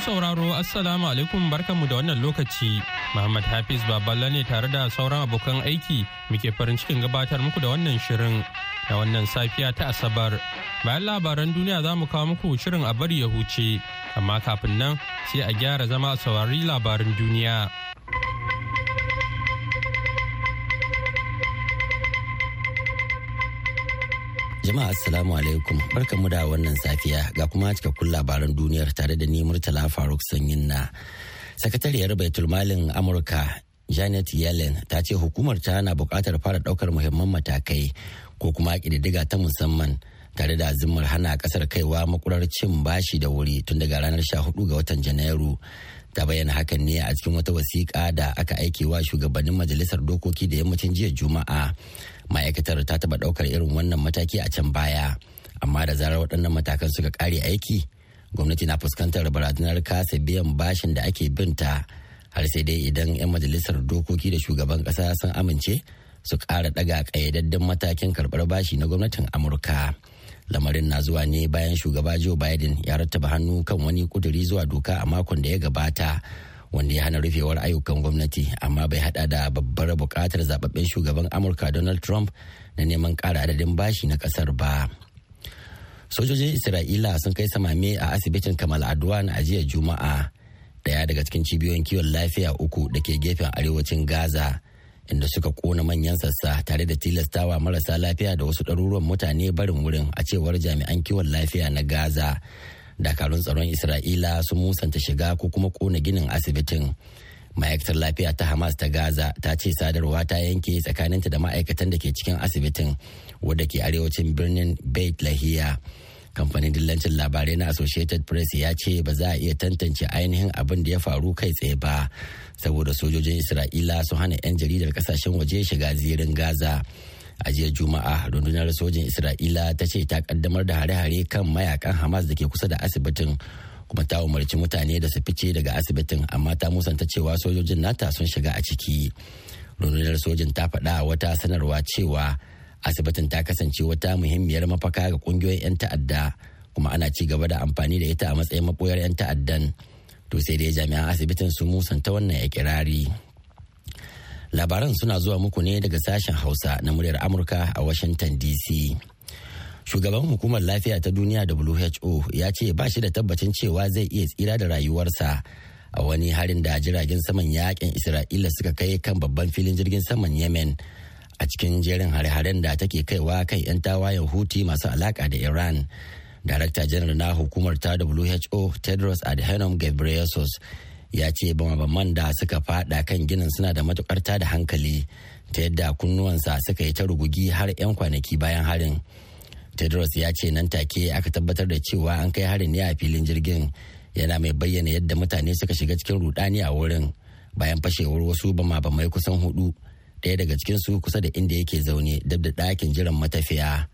sauraro Assalamu alaikum barkanmu da wannan lokaci. Muhammad Hafiz Baballa ne tare da sauran abokan aiki muke farin cikin gabatar muku da wannan shirin da wannan safiya ta Asabar. Bayan labaran duniya za mu kawo muku shirin a bari ya huce, amma kafin nan sai a gyara zama a saurari labaran duniya. Jama'a Assalamu alaikum barkamu da wannan safiya ga kuma cikakkun labaran duniyar tare da ni Murtala Faruk Sanyin na. Sakatariyar Baitul Malin Amurka Janet Yellen ta ce hukumar ta na bukatar fara daukar muhimman matakai ko kuma kididdiga ta musamman tare da zimmar hana kasar kaiwa makurar cin bashi da wuri tun daga ranar 14 ga watan Janairu. ta bayyana hakan ne a cikin wata wasiƙa da aka aike wa shugabannin majalisar dokoki da yammacin jiya juma'a ma'aikatar ta taɓa ɗaukar irin wannan mataki a can baya amma da zarar waɗannan matakan suka ƙare aiki gwamnati na fuskantar barazanar kasa biyan bashin da ake binta har sai dai idan 'yan majalisar dokoki da shugaban ƙasa sun amince su ƙara ɗaga ƙayyadaddun matakin karɓar bashi na gwamnatin amurka lamarin na zuwa ne bayan shugaba joe biden ya rattaba hannu kan wani ƙuduri zuwa doka a makon da ya gabata wanda ya hana rufewar ayyukan gwamnati amma bai hada da babbar bukatar zababben shugaban amurka donald trump na neman kara adadin bashi na kasar ba sojojin isra'ila sun kai samame a asibitin kamal adwan a jiya juma'a daya daga cikin cibiyoyin kiwon lafiya uku da ke gefen arewacin gaza inda suka kona manyan sassa tare da tilastawa marasa lafiya da wasu ɗaruruwan mutane barin wurin a cewar jami'an kiwon lafiya na gaza dakarun tsaron isra'ila sun musanta shiga ko kuma kona ginin asibitin ma'aikatar lafiya ta hamas ta gaza ta ce sadarwa ta yanke tsakaninta da ma'aikatan da ke cikin asibitin wadda ke arewacin birnin beit lahiya kamfanin dillancin labarai na associated press ya ce ba za a iya tantance ainihin abin da ya faru kai tsaye ba saboda sojojin isra'ila su hana 'yan jaridar kasashen waje shiga zirin gaza a jiya juma'a rundunar sojin isra'ila ta ce ta kaddamar da hare-hare kan mayakan hamas da ke kusa da asibitin kuma ta umarci mutane da su fice daga asibitin amma ta musanta cewa sojojin nata sun shiga a ciki rundunar sojin ta faɗa wata sanarwa cewa asibitin ta kasance wata muhimmiyar mafaka ga kungiyoyin 'yan ta'adda kuma ana ci gaba da amfani da ita a matsayin maɓoyar 'yan ta'addan to sai dai jami'an asibitin sun musanta wannan ikirari. Labaran suna zuwa muku ne daga sashen Hausa na muryar Amurka a Washington DC. Shugaban hukumar lafiya ta duniya WHO ya ce ba shi da tabbacin cewa zai iya tsira da rayuwarsa a wani harin da jiragen saman yakin Isra'ila suka kai kan babban filin jirgin saman Yemen a cikin jerin hare-haren da take kaiwa kan 'yan tawayen Huti masu alaka da Iran. Darakta janar na hukumar ta WHO Tedros Adhanom Ghebreyesus ya ce bama da suka fada kan ginin suna da matukar da hankali ta yadda kunnuwansa suka yi ta rugugi har 'yan kwanaki bayan harin tedros ya ce nan take aka tabbatar da cewa an kai harin ne a filin jirgin yana mai bayyana yadda mutane suka shiga cikin rudani a wurin bayan fashewar wasu bama kusan hudu ɗaya daga cikinsu kusa da inda yake zaune dab da ɗakin jiran matafiya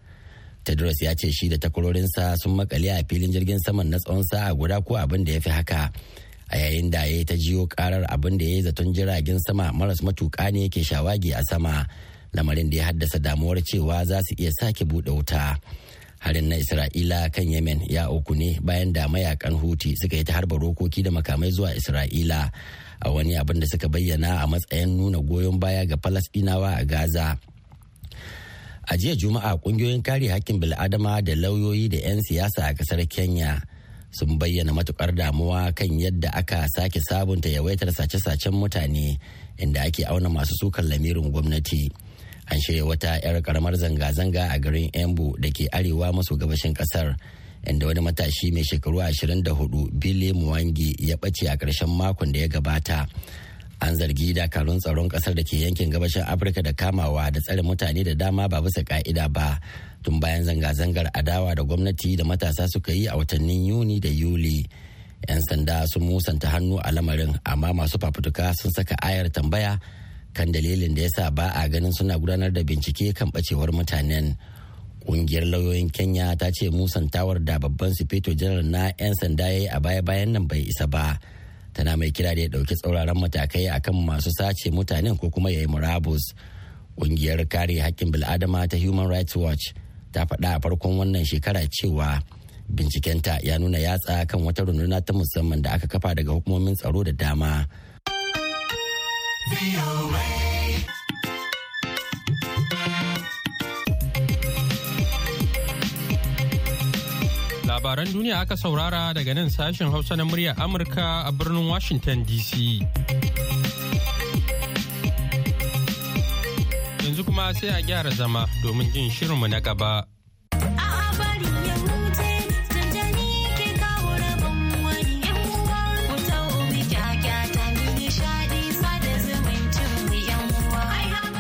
tedros ya ce shi da takwarorinsa sun makale a filin jirgin saman na tsawon sa'a guda ko abin da ya fi haka a yayin da ya ta jiyo karar abin da ya yi zaton jiragen sama maras matuka ne ke shawagi a sama lamarin da ya haddasa damuwar cewa za su iya sake buɗe wuta harin na isra'ila kan yemen ya uku ne bayan da mayakan huti suka yi ta harba rokoki da makamai zuwa isra'ila a wani abin da suka bayyana a matsayin nuna goyon baya ga falasɗinawa a gaza a jiya juma'a kungiyoyin kare hakkin bil'adama da lauyoyi da 'yan siyasa a kasar kenya sun bayyana matukar damuwa kan yadda aka sake sabunta yawaitar sace-sacen mutane inda ake auna masu sukan lamirin gwamnati an shirya wata 'yar karamar zanga-zanga a garin embu da ke arewa maso gabashin kasar inda wani matashi mai shekaru 24 bile muwangi ya ɓace a ƙarshen makon da ya gabata an zargi dakarun tsaron kasar da ke yankin gabashin afirka da kamawa da tsare mutane da dama ba bisa ka'ida ba tun bayan zanga-zangar adawa da gwamnati da matasa suka yi a watannin yuni da yuli 'yan sanda sun musanta hannu a lamarin amma masu fafutuka sun saka ayar tambaya kan dalilin da ya sa ba a ganin suna gudanar da bincike kan bacewar mutanen ƙungiyar lauyoyin kenya ta ce musantawar da babban sufeto janar na 'yan sanda ya yi a baya-bayan nan bai isa ba. tana mai kira da ya ɗauki tsauraran matakai akan masu sace mutanen ko kuma ya yi murabus ƙungiyar kare haƙƙin bil'adama ta human rights watch ta faɗa a farkon wannan shekara cewa bincikenta ya nuna yatsa kan wata runduna ta musamman da aka kafa daga hukumomin tsaro da dama. labaran duniya aka saurara daga nan sashen Hausa na murya Amurka a birnin Washington DC. Yanzu kuma sai a gyara zama domin jin shirinmu na gaba.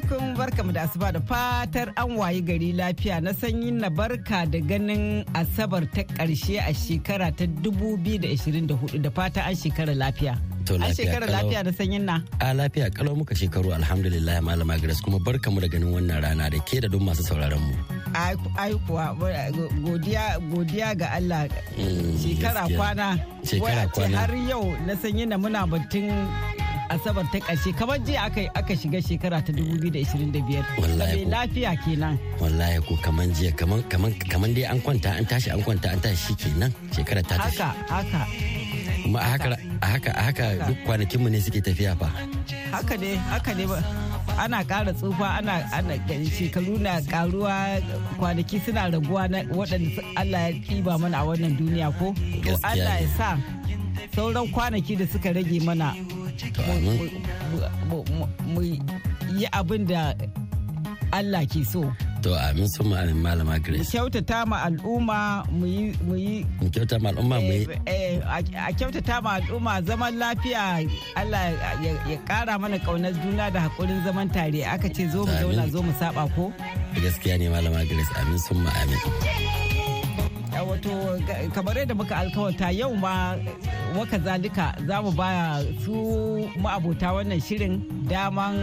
alaikum mu da asuba da fatar an wayi gari lafiya na sanyi na barka da ganin asabar ta karshe a shekara ta 2024 da fata an shekara lafiya. an shekara lafiya da sanyin na. A lafiya kalau muka shekaru alhamdulillah malama Grace kuma barka mu da ganin wannan rana da ke da duk masu sauraron mu. Ai kuwa godiya godiya ga Allah mm, shekara kwana. Shekara kwana. Har yau na sanyi na muna batun asabar ta ƙarshe kamar jiya aka aka shiga shekara ta 2025 wallahi lafiya kenan wallahi ko kamar jiya kamar kamar kamar dai an kwanta an tashi an kwanta an tashi kenan. shekara ta haka haka kuma a haka a haka a haka duk kwanakin mu ne suke tafiya fa haka ne haka ne ana ƙara tsufa ana ana shekaru na ƙaruwa kwanaki suna raguwa na waɗanda Allah ya ɗiba mana a wannan duniya ko to Allah ya sa sauran kwanaki da suka rage mana mu yi abin da Allah ke so. To amin sun ma'anin malama Grace. Mu kyautata ma al'umma mu yi. Mu kyautata ma al'umma mu yi. A kyautata ma al'umma zaman lafiya Allah ya kara mana kaunar juna da haƙurin zaman tare aka ce zo mu zauna zo mu saba ko. Gaskiya ne malama Grace amin sun ma'anin. Wato kamar yadda muka alkawata yau ma waka zalika za mu baya su ma'abota wannan shirin daman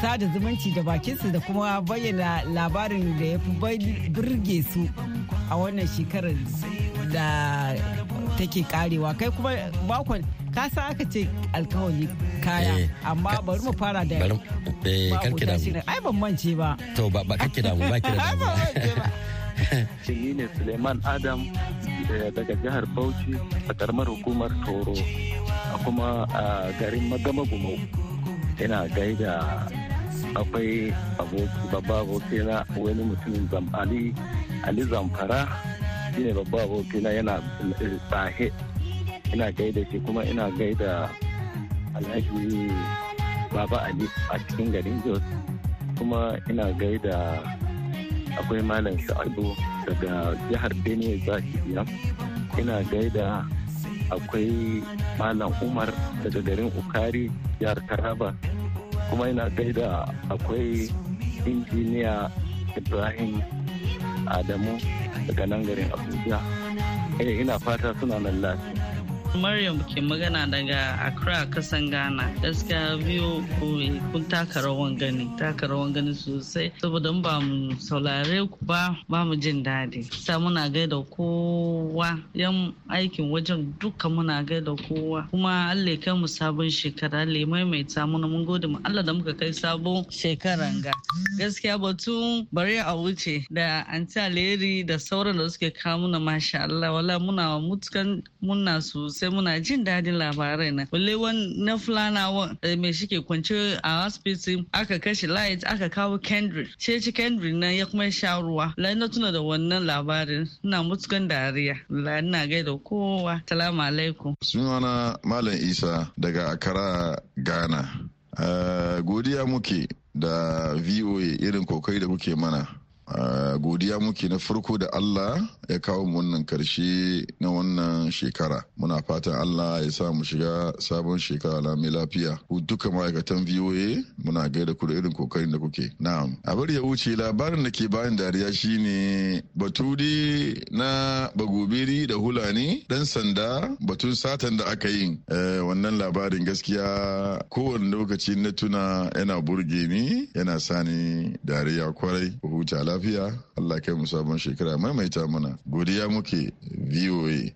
sada zumunci da bakinsu da kuma bayyana labarin da ya fi birge su a wannan shekarar da take karewa kai kuma bakon sa aka ce alkawali kaya eh, amma bari mu fara da eh, ai ban mance ba to ba karki damu ba ki da damu ne Suleiman Adam Eh, daga jihar Bauchi a karamar hukumar Toro a kuma a garin magamagumo Gumau. Ina gaida akwai babba abokina wani mutumin zamali Ali Zamfara shine babba abokina yana tsahe eh, ina gaida shi kuma ina gaida alhaji baba ali a cikin garin jos kuma ina gaida akwai malam sha'adu daga jihar benue zakiya ina gaida akwai malam umar daga garin ukari jihar taraba kuma ina gaida akwai injiniya ibrahim adamu daga nan garin abuja eh, ina fata suna nan lafiya Maryam ke magana daga Accra kasan Ghana. Gaskiya biyu kun taka rawan gani, taka rawan gani sosai. Saboda ba mu saulare ku ba, ba mu jin daɗi. Sa muna gaida kowa, yan aikin wajen duka muna gaida kowa. Kuma Allah kai mu sabon shekara, Allah mai muna mun gode mu Allah da muka kai sabon shekaran ga. Gaskiya batun bari a wuce da Anti Aleri da sauran da suke kawo muna masha Allah wala muna mutukan muna sosai. sosai muna jin dadin labarai na wale na fulana eh, mai shike kwance a hospital aka kashe light aka kawo kendrick ce ci kendrick nan ya kuma sha ruwa lai na tuna da wannan labarin ina mutukan dariya lai na gaida kowa salamu alaikum sunana malam isa daga akara ghana eh, godiya muke da voa irin kokai da muke mana Eh, godiya muke na farko da Allah ya kawo mu wannan karshe na wannan shekara muna fatan Allah ya sa mu shiga sabon shekara la mai lafiya ku duka ma'aikatan VOA muna gaida ku da irin kokarin da kuke na'am a bari ya wuce labarin da ke bayan dariya shine batudi na bagobiri da hulani dan sanda batun satan da aka yi eh, wannan labarin gaskiya kowane lokaci na tuna yana burge ni yana sani dariya kwarai huta lafiya Allah kai mu sabon shekara maimaita mana godiya muke VOA.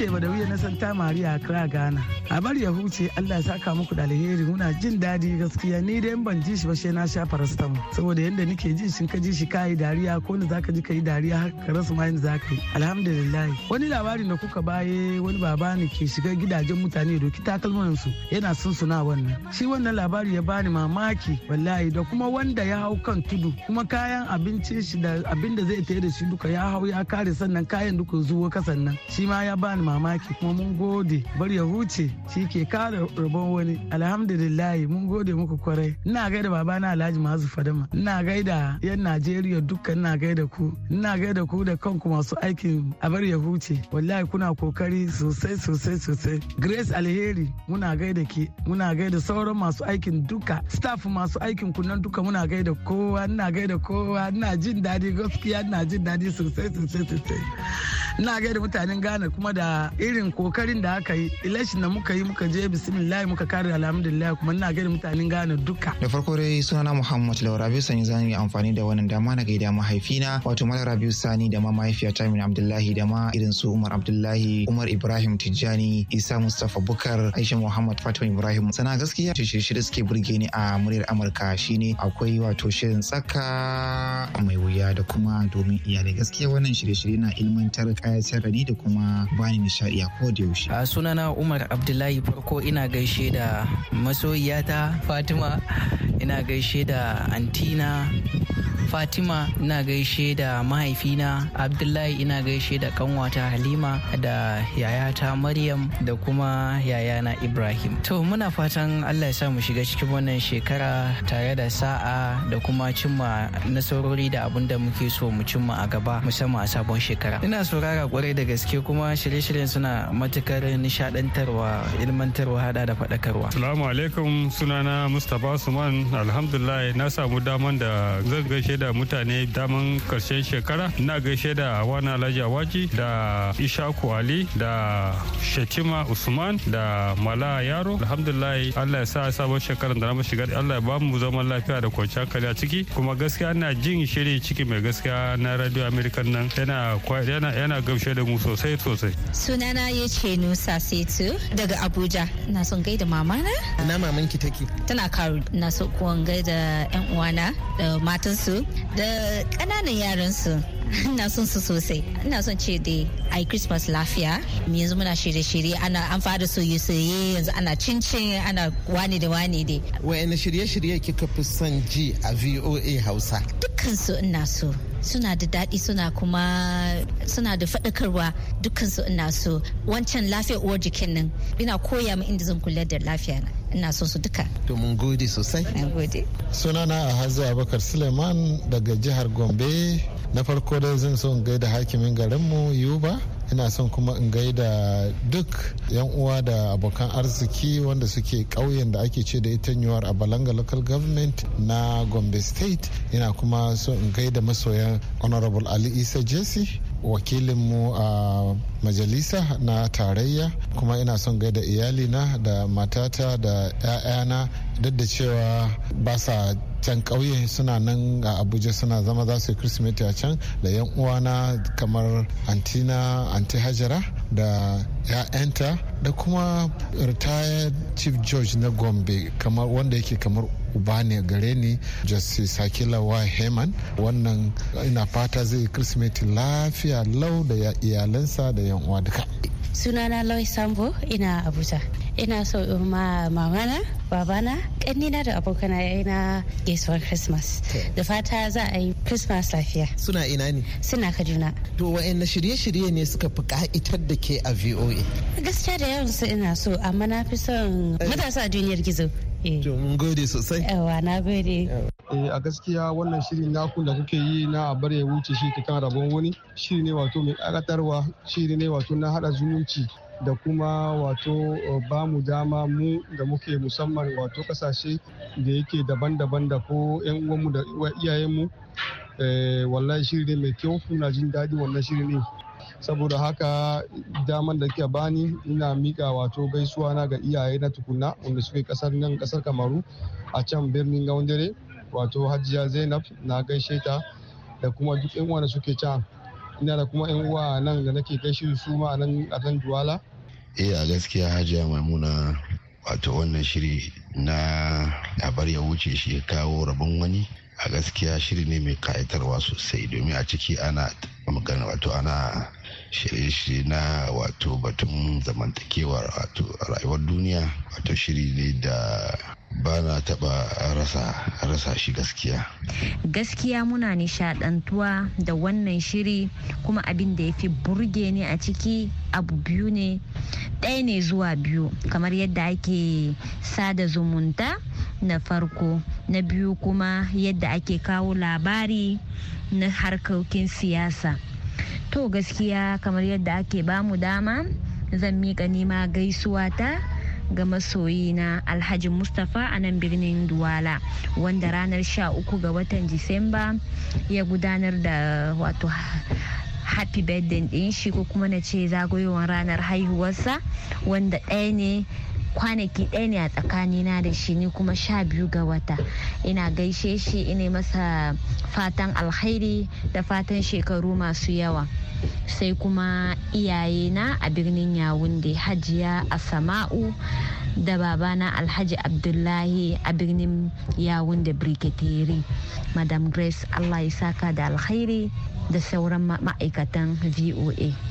ce ba da wuya na Santa Maria kira gana A bar ya huce Allah ya saka muku da alheri muna jin daɗi gaskiya ni dai ban ji shi ba shi na sha farastam saboda yanda nake ji shi ka ji shi yi dariya ko ne zaka ji ka yi dariya har ka rasa ma yanda zaka yi. Alhamdulillah. Wani labari da kuka baye wani baba ne ke shiga gidajen mutane doki takalman su yana son suna wannan. Shi wannan labari ya bani mamaki wallahi da kuma wanda ya hau kan tudu kuma kayan abincin shi da abin da zai tayar da shi duka ya hau ya kare sannan kayan duka zuwa kasan nan shi ma ya bani mamaki kuma mun gode bar ya huce shi ke kare rabon wani alhamdulillahi mun gode muku kwarai ina gaida babana alhaji mazu fadama ina gaida yan najeriya dukkan ina gaida ku ina gaida ku da kanku masu aikin a bar ya huce wallahi kuna kokari sosai sosai sosai grace alheri muna gaida ke muna gaida sauran masu aikin duka staff masu aikin kunan duka muna gaida kowa ina gaida kowa ina jin daɗi gaskiya ina jin daɗi sosai sosai sosai ina da mutanen Ghana kuma da irin kokarin da aka yi election da muka yi muka je bismillah muka kare alhamdulillah kuma ina da mutanen Ghana duka da farko dai sunana Muhammad Laura Rabiu Sani zan yi amfani da wannan dama na gaida mahaifina wato Malam Rabiu Sani da ma mahaifiyata Min Abdullahi da ma irin su Umar Abdullahi Umar Ibrahim Tijjani Isa Mustafa Bukar Aisha Muhammad Fatima Ibrahim sana gaskiya shirye da suke burge ni a muryar Amurka shine akwai wato shirin tsaka mai wuya da kuma domin iyali gaskiya wannan shirye-shirye na ilmantar kayan sarari da kuma bani nishaɗi a koda yaushe. A sunana Umar Abdullahi farko ina gaishe da masoyiyata Fatima ina gaishe da Antina fatima ina gaishe da mahaifina abdullahi ina gaishe da kanwata halima da yayata maryam da kuma yayana ibrahim to muna fatan allah ya sa mu shiga cikin wannan shekara tare da sa'a da kuma cimma nasarori da abin da muke so mu cimma a gaba musamman a sabon shekara ina saurara kwarai da gaske kuma shirye-shiryen suna matukar nishadantarwa ilmantarwa hada da faɗakarwa salamu alaikum sunana mustapha suman alhamdulillah na samu daman da zan gaishe gaishe da mutane daman karshen shekara ina gaishe da wana alhaji awaji da ishaku ali da shatima usman da mala yaro alhamdulillah allah ya sa sabon shekarar da na shiga allah ya bamu zaman lafiya da kwanciyar hankali a ciki kuma gaskiya ina jin shiri ciki mai gaskiya na radio american nan yana yana yana gamshe da mu sosai sosai sunana ya ce nusa setu daga abuja na son gaida mama na na maman ki take tana karu na so kuwan gaida yan uwana da matansu da ƙananan yaran su ina son su sosai ina son ce dai ai christmas lafiya yanzu muna shirye-shirye ana an fara soye-soye yanzu ana cincin ana wani da wani dai na shirye-shirye kika fi son ji a voa hausa dukkansu ina so suna da daɗi suna kuma suna da faɗakarwa su ina so wancan lafiya uwar jikin nan ina koya min inda zan kula da lafiya na ina son su duka to mun gode sosai mun gode sunana Alhaji Abubakar Suleiman daga jihar Gombe na farko dai zan so in gaida hakimin garinmu Yuba ina son kuma in gaida duk yan uwa da abokan arziki wanda suke ƙauyen da ake ce da ita yuwar a balanga local government na gombe state ina kuma so in gaida masoyan honorable ali isa jesse wakilinmu a majalisa na tarayya kuma ina son gaida iyalina da matata da 'ya'yana duk da cewa ba sa can ƙauye suna nan a abuja suna zama za su yi kirsimeti a can da yan uwana kamar antina anti hajara da ya'yanta da kuma retired chief george na gombe kamar wanda yake kamar uba ne gare ni justice sakila wa heman wannan ina fata zai kirsimeti lafiya lau da iyalansa da yan uwa duka sunana lois sambo ina abuja ina so in ma mamana babana kannina da abokana na gaisuwar christmas da fata za a yi christmas lafiya suna ina ne suna kaduna to na shirye-shirye ne suka fi ka'itar da ke a voa gaskiya da yawan su ina so amma na fi son eh. matasa duniyar gizo eh. to mun gode sosai yawa na gode eh, a gaskiya wannan shiri naku da kuke yi na bar ya wuce shi kan rabon wani shiri ne wato mai karatarwa shiri ne wato na hada zumunci da kuma wato eh, ba mu dama mu da muke musamman wato kasashe da yake daban-daban da ko 'yan uwanmu da iyayenmu eh, wallahi shiri ne mai kyau kuna jin daɗi wannan shiri ne saboda haka daman da ke bani ina mika wato gaisuwa na ga iyaye na tukuna wanda suke kasar nan kasar kamaru a can birnin dare wato hajiya zainab na gaishe ta da kuma duk yan suke can ina da kuma yan uwa nan da nake gaishe su ma a nan duwala eh a gaskiya hajiya maimuna wato wannan shiri na abar ya wuce shi kawo rabon wani a gaskiya shiri ne mai kayatarwa sosai domin a ciki ana magana wato ana shirye-shirye na wato batun zamantakewar wato rayuwar duniya wato shiri ne da ba na taba rasa shi gaskiya gaskiya muna nishadantuwa da wannan shiri kuma abin da ya fi burge ne a ciki abu biyu ne ɗaya ne zuwa biyu kamar yadda ake sada zumunta na farko na biyu kuma yadda ake kawo labari na harkokin siyasa to gaskiya kamar yadda ake bamu dama zan miƙa nima gaisuwa ta ga masoyina alhaji mustapha a nan birnin duwala wanda ranar sha uku ga watan disamba ya gudanar da wato happy birthday din shi ko kuma na ce zagayowar ranar haihuwarsa wanda ɗaya ne kwanaki ɗaya ne a tsakanina da shi ni kuma sha biyu ga wata ina gaishe shi ina masa fatan alhairi da fatan shekaru masu yawa sai kuma iyayena a birnin yawunde hajiya a sama'u da babana alhaji abdullahi a birnin yawun da briketeri madam grace allah ya saka da alhairi da sauran ma'aikatan voa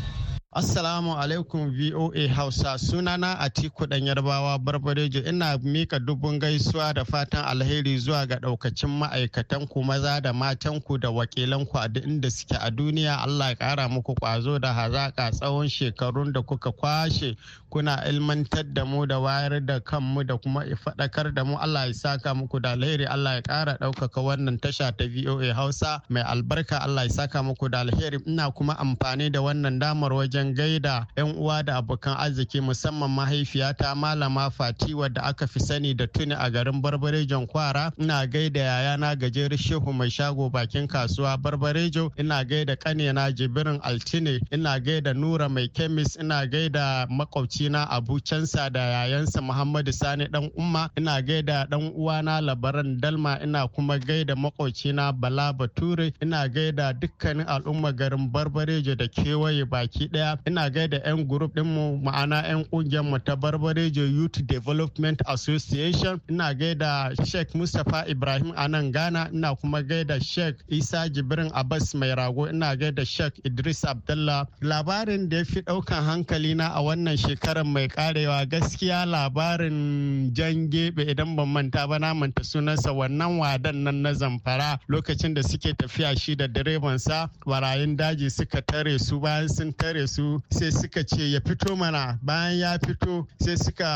Assalamu alaikum VOA Hausa sunana Atiku ɗan Yarbawa Barbarejo ina mika dubun gaisuwa da fatan alheri zuwa ga ɗaukacin ma'aikatan ku maza da matanku da wakilan ku a duk inda suke a duniya Allah ya kara muku kwazo da hazaƙa tsawon shekarun da kuka kwashe kuna ilmantar da mu da wayar da kanmu da kuma faɗakar da mu Allah ya saka muku da alheri Allah ya kara ɗaukaka wannan tasha ta VOA Hausa mai albarka Allah ya saka muku da alheri ina kuma amfani da wannan damar wajen wajen gaida 'yan uwa da abokan arziki musamman mahaifiyata malama fati wadda aka fi sani da tuni a garin barbarejon kwara ina gaida yayana gajeru shehu mai shago bakin kasuwa barbarejo ina gaida kanena jibirin altine ina gaida nura mai kemis ina gaida makwabcina abu cansa da yayansa muhammadu sani dan umma ina gaida dan uwana labaran dalma ina kuma gaida makwabcina bala bature ina gaida dukkanin al'umma garin barbarejo da kewaye baki daya ina gaida 'yan grup mu ma'ana 'yan ƙungiyar mu ta Barbarejo Youth Development Association ina gaida Sheikh Mustapha Ibrahim a nan Ghana ina kuma gaida Sheikh Isa Jibrin Abbas Mai Rago ina gaida Sheikh Idris Abdullah labarin da ya fi ɗaukan hankali na a wannan shekarar mai karewa gaskiya labarin jan gebe idan ban manta ba na manta sunansa wannan wadan nan na zamfara lokacin da suke tafiya shi da direbansa barayin daji suka tare su bayan sun tare su su sai suka ce ya fito mana bayan ya fito sai suka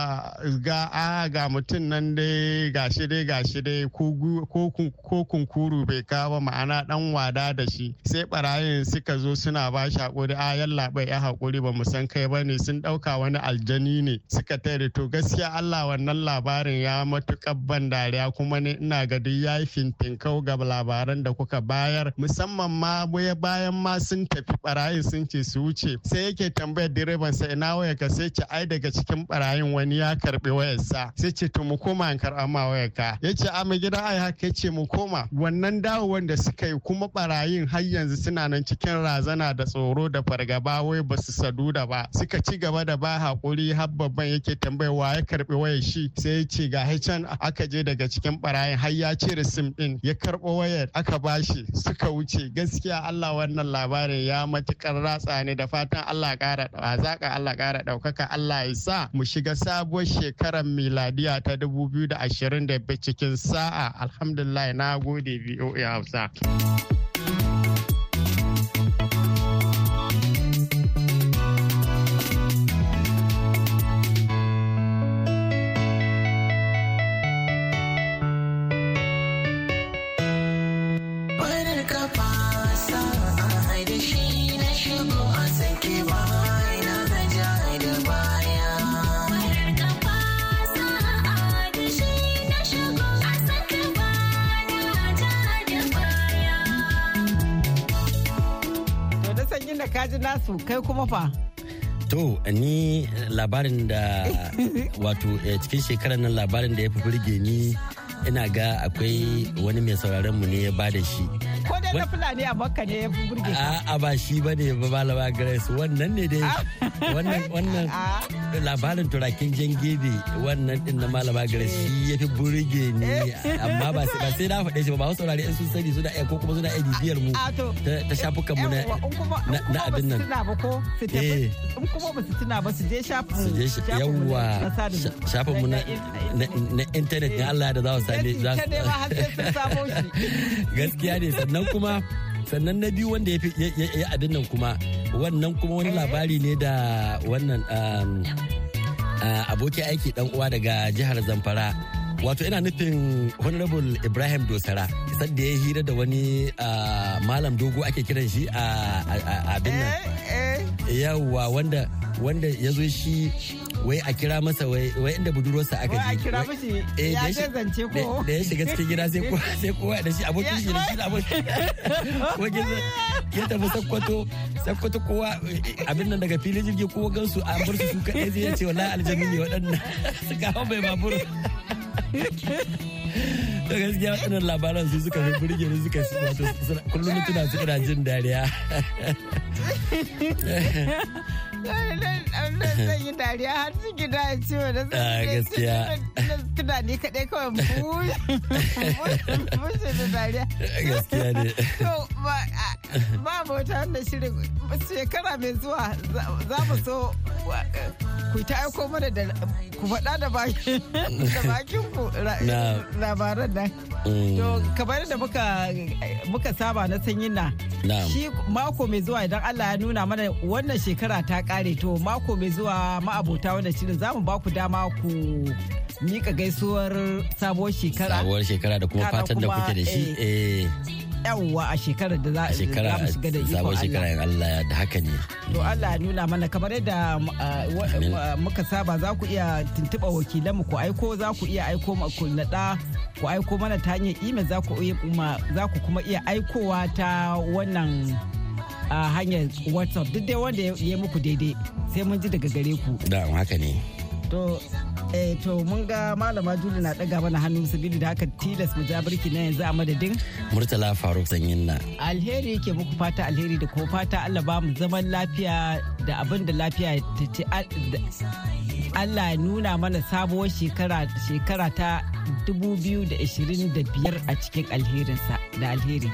ga a ga mutum nan dai gashi dai gashi dai ko kunkuru bai kawo ma'ana dan wada da shi sai barayin suka zo suna ba shi hakuri a yalla bai ya hakuri ba mu san kai bane sun dauka wani aljani ne suka tare to gaskiya Allah wannan labarin ya matukar ban dariya kuma ne ina ga duk yayi fintinkau ga labaran da kuka bayar musamman ma bayan ma sun tafi barayin sun ce su wuce sai yake tambayar direban sa ina waya ka sai ce ai daga cikin barayin wani ya karbi wayar sai ce to mu koma an karba ma wayar ka yace a mai gida ai haka yace mu koma wannan dawo da suka yi kuma barayin har yanzu suna nan cikin razana da tsoro da fargaba wai ba su sadu da ba suka ci gaba da ba hakuri har babban yake wa ya karbi wayar shi sai ya ce ga can aka je daga cikin barayin har ya cire sim din ya karbo wayar aka bashi suka wuce gaskiya Allah wannan labarin ya matukar ratsa ne da fatan basira Allah ƙara Allah ƙara ɗaukaka Allah ya sa mu shiga sabuwar shekarar miladiya ta 2020 cikin sa'a alhamdulillah na gode VOA Hausa. kaji nasu kai kuma fa to ni labarin da wato eh, cikin shekarar nan labarin da ya fi burge ni ina ga akwai wani mai sauraron mu ne ya bada shi ko dai na fulani a makka ne ya fi burge a ba shi bane ba malama grace wannan ne dai ah. wannan wannan ah. labarin turakin jangebe wannan din na malama gare shi ya fi burge ni amma ba sai na faɗe shi ba masu saurari yan sun sani suna iya ko kuma suna iya bibiyar mu ta shafukan mu na abin nan. Eh. In kuma ba su tuna ba su je shafin su je yawwa shafin mu na intanet na Allah da za su same za su gaskiya ne sannan kuma sannan na biyu wanda ya abin nan kuma wannan kuma wani labari ne da wannan um, uh, aboki aiki dan uwa daga jihar zamfara wato ina nufin honorable ibrahim dosara isar da ya hira da wani uh, malam dogo ake kiran shi a abin nan eh, eh. yawa wanda ya zo shi wai a kira masa wai inda budurwarsa aka ji wai a kira mashi eh, ya ce zance ko da ya shiga cikin gida sai kowa sai kowa da shi abokin shi da shi da abokin wajen ya tafi sakkwato sakkwato kowa eh, abin nan daga filin jirgi kowa gansu a bar su su kaɗai zai ce wallahi aljannu ne waɗannan su kawo bai babur Da gaskiya waɗannan labaran su suka fi burge ni suka su wato kullum tuna su ina jin dariya zan yi har su gida ya ce wa da ah, gaskiya tunani kaɗai kawai bushe da dariya gaskiya ne ba mota wannan shirin shekara mai zuwa za mu so ku ta aiko mana da ku faɗa da bakin ku labaran nan mm. to kamar da muka saba na sanyi na shi mako mai zuwa idan Allah ya nuna mana wannan shekara ta ƙara. kare to mako mai zuwa ma'abota wanda shirin za mu ba ku dama ku mika gaisuwar sabuwar shekara sabuwar shekara da kuma fatan da kuke da shi eh, eh yawwa a shekarar da za a shiga da iko Allah. shekarar Allah da haka ne. To Allah ya nuna mana kamar yadda eh, muka saba za ku iya tuntuɓa mu ku aiko za ku iya aiko ku nada ku aiko mana ta hanyar imel za ku kuma iya aikowa ta wannan a hanyar whatsapp duk dai wanda ya muku daidai sai mun ji daga gare ku da haka ne to eh to mun ga malama juli na daga mana hannu sabili da haka tilas mu ja birki na yanzu a madadin murtala faruk zanyin na alheri ke muku fata alheri da ko fata allah ba mu zaman lafiya da abin da lafiya ta ce allah ya nuna mana sabuwar shekara shekara ta 2025 a cikin alherinsa da alheri.